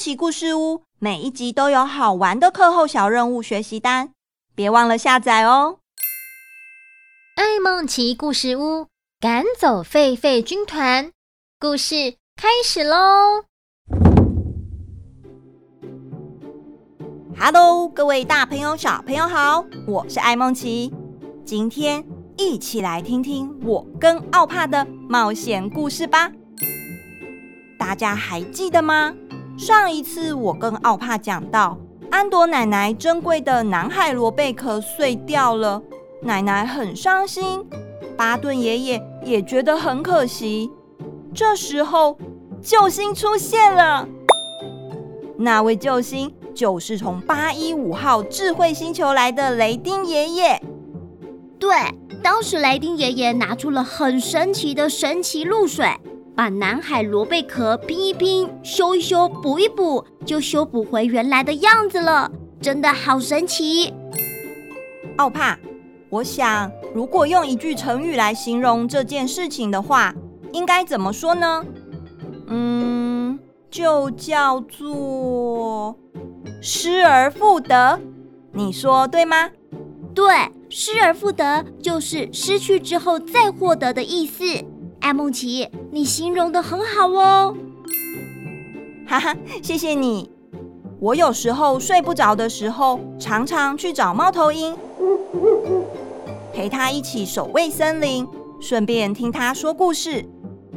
奇故事屋每一集都有好玩的課後小任務學習單，別忘了下載哦！愛孟奇故事屋趕走狒狒軍團，故事開始嘍！哈囉，各位大朋友小朋友好，我是愛孟奇，今天一起來聽聽我跟奧帕的冒險故事吧！大家還記得嗎？上一次我跟奧帕講到，安朵奶奶珍貴的南海螺貝殼碎掉了，奶奶很傷心，巴頓爺爺也覺得很可惜。這時候，救星出現了，那位救星就是從八一五號智慧星球來的雷丁爺爺。對，當時雷丁爺爺拿出了很神奇的神奇露水。把南海螺貝殼拼一拼、修一修補一補，就修補回原來的樣子了，真的好神奇！奧帕，我想如果用一句成語來形容這件事情的話，應該怎麼說呢？嗯，就叫做“失而復得”。你說對嗎？對，“失而復得”就是失去之後再獲得的意思。愛孟奇，你形容得很好哦，哈哈，謝謝你。我有時候睡不着的時候，常常去找貓頭鷹，陪他一起守衛森林，順便聽他說故事，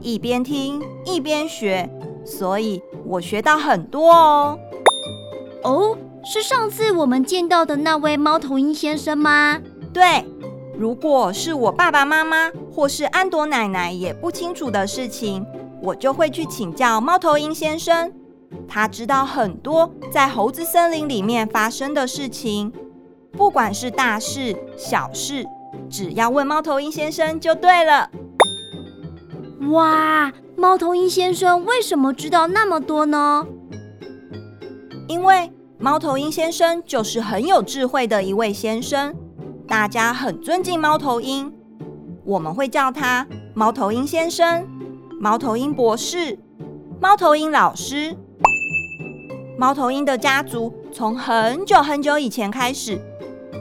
一邊聽一邊學，所以我學到很多哦。哦，是上次我們見到的那位貓頭鷹先生嗎？對。如果是我爸爸媽媽或是安朵奶奶也不清楚的事情，我就會去請教貓頭鷹先生。他知道很多在猴子森林裡面發生的事情，不管是大事小事，只要問貓頭鷹先生就對了。哇，貓頭鷹先生為什麼知道那麼多呢？因為貓頭鷹先生就是很有智慧的一位先生。大家很尊敬貓頭鷹，我們會叫它貓頭鷹先生、貓頭鷹博士、貓頭鷹老師。貓頭鷹的家族從很久很久以前開始，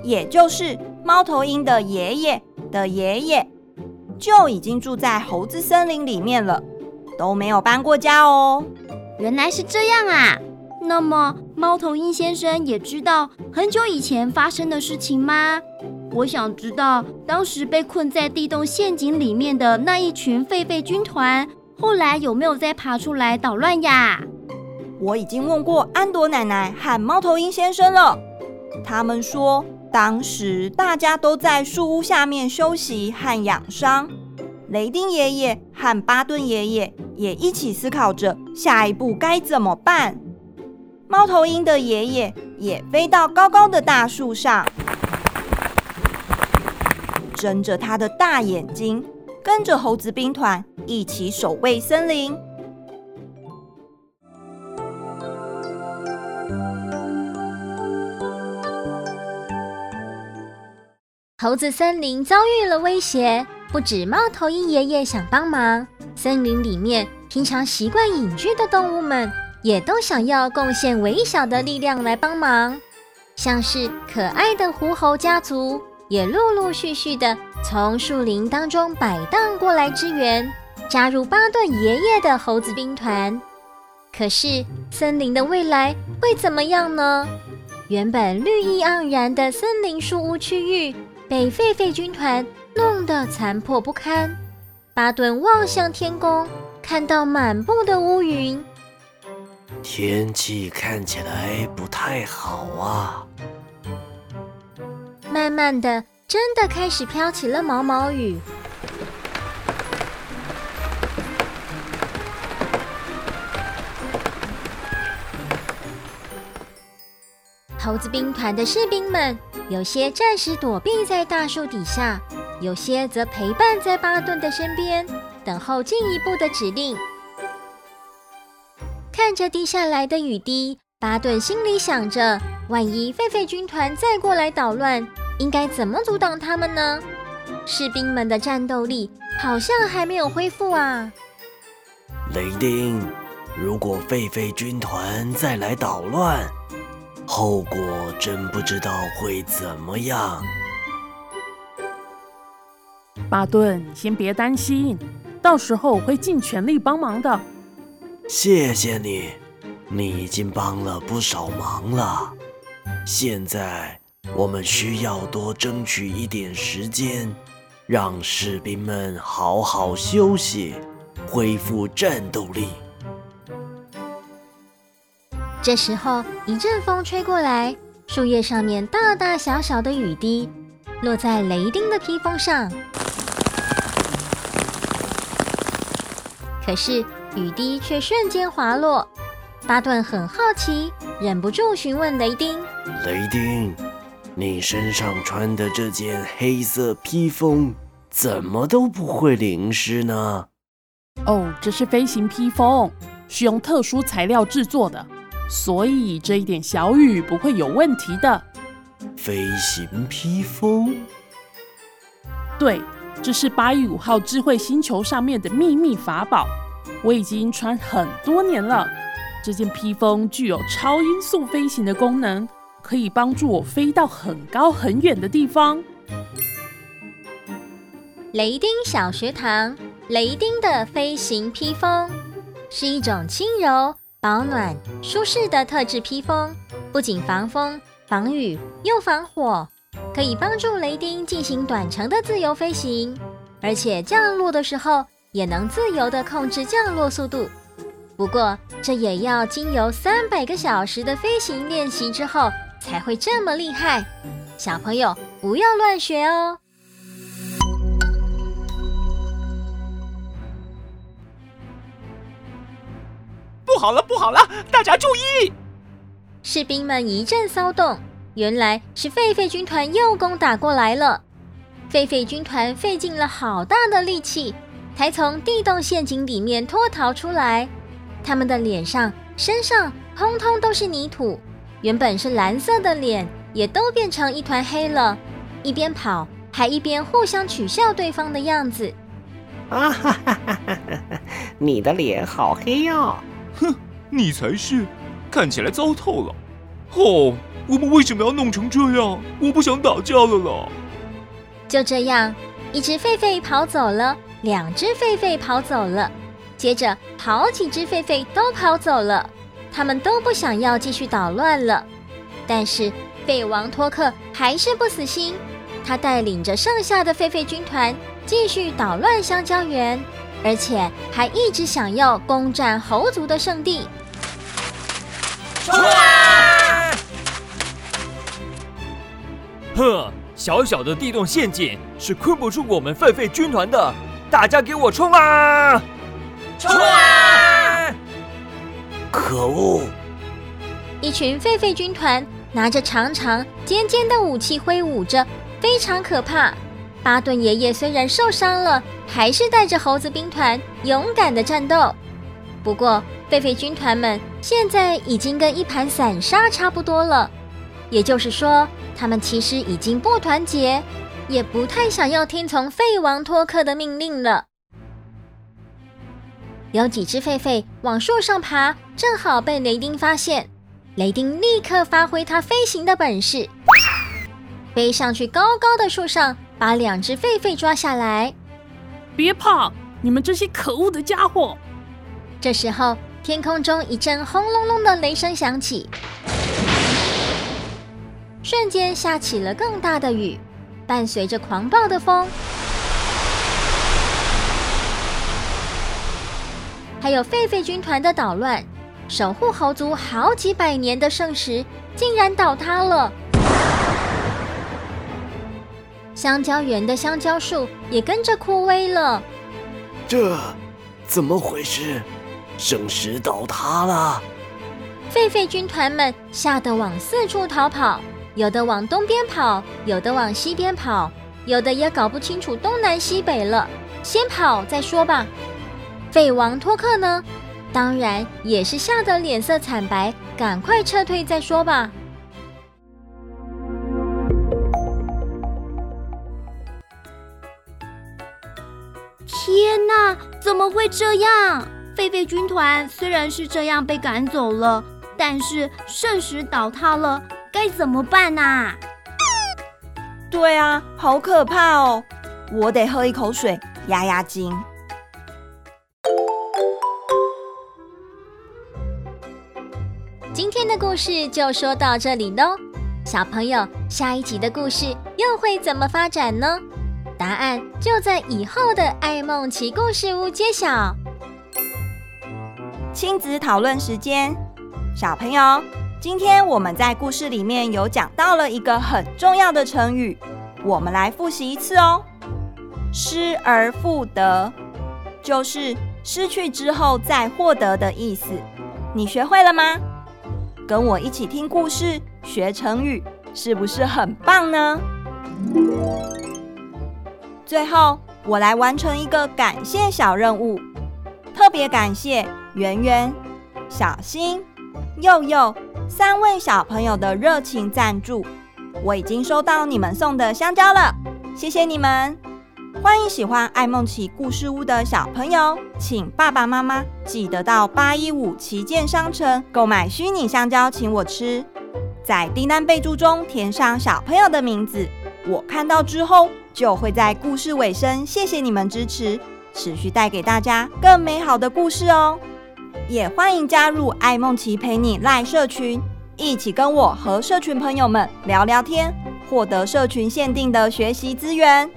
也就是貓頭鷹的爺爺的爺爺就已經住在猴子森林裡面了，都沒有搬過家哦。原來是這樣啊！那麼貓頭鷹先生也知道很久以前發生的事情嗎？我想知道，當時被困在地洞陷阱裡面的那一群狒狒軍團，後來有沒有再爬出來搗亂呀？我已經問過安朵奶奶和貓頭鷹先生了，他們說當時大家都在樹屋下面休息和養傷。雷丁爺爺和巴頓爺爺也一起思考着下一步該怎麼辦。貓頭鷹的爺爺也飛到高高的大樹上。睜着他的大眼睛，跟着猴子兵團一起守衛森林。猴子森林遭遇了威脅，不止貓頭鷹爺爺想幫忙，森林裡面平常習慣隱居的動物們也都想要貢獻微小的力量來幫忙，像是可愛的狐猴家族。也陸陸續續地從樹林當中擺盪過來支援，加入巴頓爺爺的猴子兵團。可是森林的未來會怎麼樣呢？原本綠意盎然的森林樹屋區域被狒狒軍團弄得殘破不堪。巴頓望向天空，看到滿布的烏雲，天氣看起來不太好啊。慢慢的，真的開始飄起了毛毛雨。猴子兵團的士兵們，有些暫時躲避在大樹底下，有些則陪伴在巴頓的身邊，等候進一步的指令。看着滴下來的雨滴，巴頓心裡想着，萬一狒狒軍團再過來搗亂。應該怎麼阻擋他們呢？士兵們的戰鬥力好像還沒有恢復啊。雷丁，如果狒狒軍團再來搗亂，後果真不知道會怎麼樣。巴頓，你先別擔心，到時候我會盡全力幫忙的。謝謝你，你已經幫了不少忙了。現在。我們需要多爭取一點時間，讓士兵們好好休息，恢復戰鬥力。這時候，一陣風吹過來，樹葉上面大大小小的雨滴落在雷丁的披風上，雷丁。可是雨滴卻瞬間滑落。巴頓很好奇，忍不住詢問雷丁：“雷丁。”你身上穿的這件黑色披風，怎麼都不會淋濕呢？哦，這是飛行披風，是用特殊材料制作的，所以這一點小雨不會有問題的。飛行披風？對，這是八一五號智慧星球上面的秘密法寶，我已經穿很多年了，這件披風具有超音速飛行的功能。可以幫助我飛到很高很遠的地方。雷丁小學堂，雷丁的飛行披風是一種輕柔、保暖、舒適的特制披風，不僅防風、防雨又防火，可以幫助雷丁進行短程的自由飛行，而且降落的時候也能自由的控制降落速度。不過，這也要經由三百個小時的飛行練習之後。才會這麼厲害，小朋友不要亂學哦！不好了，不好了，大家注意！士兵們一陣騷動，原來是狒狒軍團又攻打過來了。狒狒軍團費盡了好大的力氣，才從地洞陷阱裡面脫逃出來，他們的臉上、身上通通都是泥土。原本是藍色的臉，也都變成一團黑了。一邊跑，還一邊互相取笑對方的樣子。啊哈哈哈哈哈！你的臉好黑呀。哼，你才是，看起來糟透了。哦，我們為什麼要弄成這樣？我不想打架了啦。就這樣，一只狒狒跑走了，兩只狒狒跑走了，接着好幾只狒狒都跑走了。他們都不想要繼續搗亂了，但是狒王托克還是不死心，他帶領着剩下的狒狒軍團繼續搗亂香蕉園，而且還一直想要攻占猴族的聖地。衝啊！呵，小小的地洞陷阱是困不住我們狒狒軍團的，大家給我衝啊！衝啊！哦，一群狒狒軍團拿着長長尖尖的武器揮舞着，非常可怕。巴頓爺爺雖然受傷了，還是帶着猴子兵團勇敢的戰鬥。不過，狒狒軍團們現在已經跟一盤散沙差不多了，也就是說，他們其實已經不團結，也不太想要聽從狒王托克的命令了。有幾隻狒狒往樹上爬，正好被雷丁發現。雷丁立刻發揮他飛行的本事，飛上去高高的樹上，把兩隻狒狒抓下來。別怕，你們這些可惡的家伙！這時候，天空中一陣轟隆隆的雷聲響起，瞬間下起了更大的雨，伴隨着狂暴的風。還有狒狒軍團的搗亂，守護猴族好幾百年的聖石竟然倒塌了。香蕉園的香蕉樹也跟着枯萎了。這，怎麼回事？聖石倒塌了。狒狒軍團們嚇得往四處逃跑，有的往東邊跑，有的往西邊跑，有的也搞不清楚東南西北了。先跑再說吧。狒王托克呢？當然也是嚇得臉色慘白，趕快撤退再說吧。天哪、啊，怎麼會這樣？狒狒軍團雖然是這樣被趕走了，但是聖石倒塌了，該怎麼辦呢、啊？對啊，好可怕哦！我得喝一口水壓壓驚。的故事就說到這裡嘍，小朋友，下一集的故事又會怎麼發展呢？答案就在以後的《愛孟奇故事屋》揭曉。親子討論時間，小朋友，今天我們在故事裡面有講到了一個很重要的成語，我們來複習一次哦。失而復得，就是失去之後再獲得的意思，你學會了嗎？跟我一起聽故事、學成語，是不是很棒呢？最後，我來完成一個感謝小任務，特別感謝圓圓、小新、佑佑三位小朋友的熱情贊助。我已經收到你們送的香蕉了，謝謝你們！歡迎喜歡愛孟奇故事屋的小朋友，請爸爸媽媽記得到八一五旗艦商城購買虛擬香蕉，請我吃。在訂單備注中填上小朋友的名字，我看到之後就會在故事尾聲謝謝你們支持，持續帶給大家更美好的故事哦。也歡迎加入愛孟奇陪你 Line 社群，一起跟我和社群朋友們聊聊天，獲得社群限定的學習資源。